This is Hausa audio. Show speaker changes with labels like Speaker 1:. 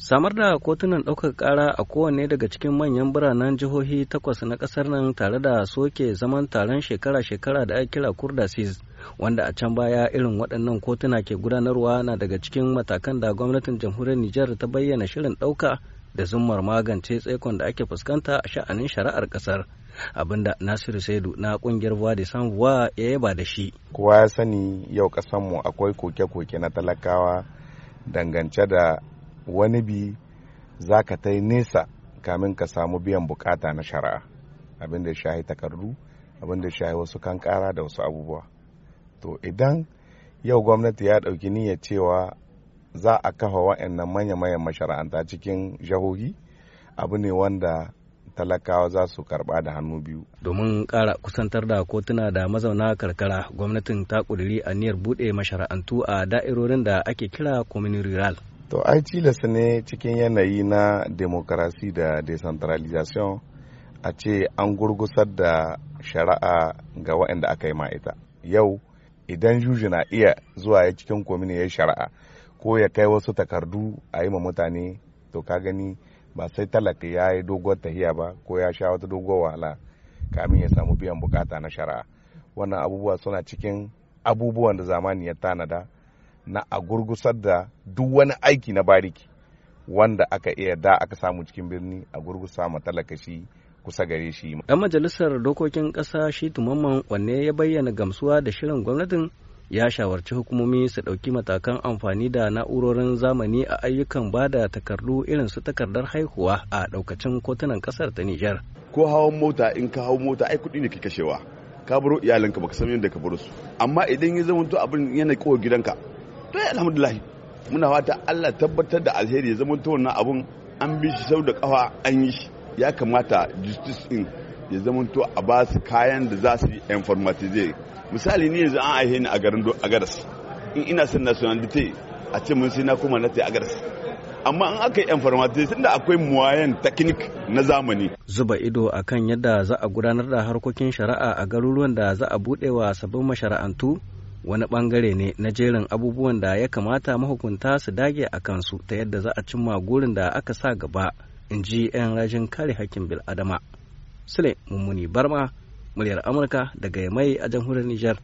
Speaker 1: samar da kotunan ɗaukar kara a kowane daga cikin manyan biranen jihohi takwas na ƙasar nan tare da soke zaman taron shekara-shekara da ake kira kurdasis wanda a can baya irin waɗannan kotuna ke gudanarwa na daga cikin matakan da gwamnatin jamhuriyar nijar ta bayyana shirin ɗauka da zummar magance tsaikon da ake fuskanta a sha'anin shari'ar ƙasar abinda nasiru saidu na kungiyar voix de san voix ya yaba da shi
Speaker 2: kowa ya sani yau ƙasarmu akwai koke-koke na talakawa dangance da wani bi za ka ta nesa kamin ka samu biyan bukata na shari'a abin da shahi takardu abin da shahi wasu kan da wasu abubuwa to idan yau gwamnati ya ɗauki niyyar cewa za a kafa wa'annan manya-manyan mashara'anta cikin jahohi abu ne wanda talakawa za su karba da hannu
Speaker 1: biyu. Domin kara kusantar da kotuna da mazauna karkara, gwamnatin ta ƙudiri niyar buɗe mashara'antu a da'irorin da ake kira Community Rural.
Speaker 2: to an tilasta ne cikin yanayi na demokarasi da decentralization a ce an gurgusar da shari'a ga waɗanda aka yi ita yau idan juji na iya zuwa ya cikin komini ya yi shari'a ko ya kai wasu takardu a yi ma mutane to ka gani ba sai talaka ya yi doguwar tahiya ba ko ya sha wata doguwar wahala kamin ya samu biyan bukata na shari'a wannan abubuwa suna cikin abubuwan da zamani ya tanada na a gurgusar da duk wani aiki na bariki wanda aka iya da aka samu cikin birni a gurgusa matalaka shi kusa gare shi.
Speaker 1: Ɗan majalisar dokokin ƙasa shi tumamman wanne ya bayyana gamsuwa da shirin gwamnatin ya shawarci hukumomi su ɗauki matakan amfani da na'urorin zamani a ayyukan ba da takardu irin su takardar haihuwa a ɗaukacin kotunan ƙasar ta Nijar.
Speaker 3: Ko hawan mota in ka hau mota ai kuɗi ne ke kashewa. Ka baro iyalanka baka san yadda ka baro su. Amma idan ya zama abin yana kowa gidanka to eh, alhamdulillah muna fata Allah tabbatar da alheri ya zama to wannan abun an bi shi sau da kafa an yi shi ya kamata justice in ya zama to a ba su kayan da za su yi informatize misali ni yanzu an aihe ni a garin agaras in ina son nationality a ce mun sai na kuma na ta agaras amma an aka yi informatize da akwai muwayan takinik na zamani
Speaker 1: zuba ido akan yadda za a gudanar da harkokin shari'a a garuruwan da za a buɗe wa sabbin mashara'antu wani bangare ne na jerin abubuwan da ya kamata mahukunta su dage a kansu ta yadda za a cimma gurin da aka sa gaba in ji 'yan rajin kare hakkin bil'adama sule mummuni barma muryar amurka daga mai a jamhuriyar nijar